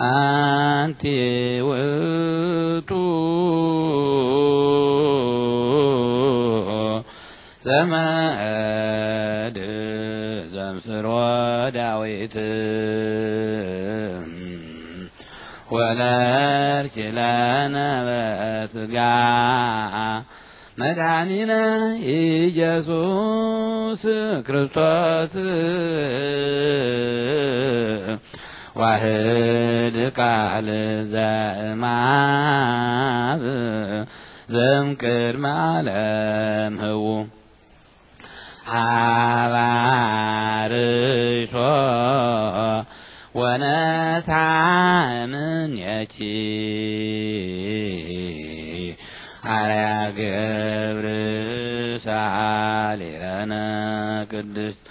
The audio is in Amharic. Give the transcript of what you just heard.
አንቲ ውእቱ ዘመድ ዘምስሮ ዳዊት ወለድኪ ለነ በስጋ መድኃኒነ ኢየሱስ ክርስቶስ ዋህድ ቃል ዘእማብ ዘምቅድመ ዓለም ህዉ ሀባርሾ ወነሳ ምንየኪ አርያ ገብርሳ ሌለነ ቅድስት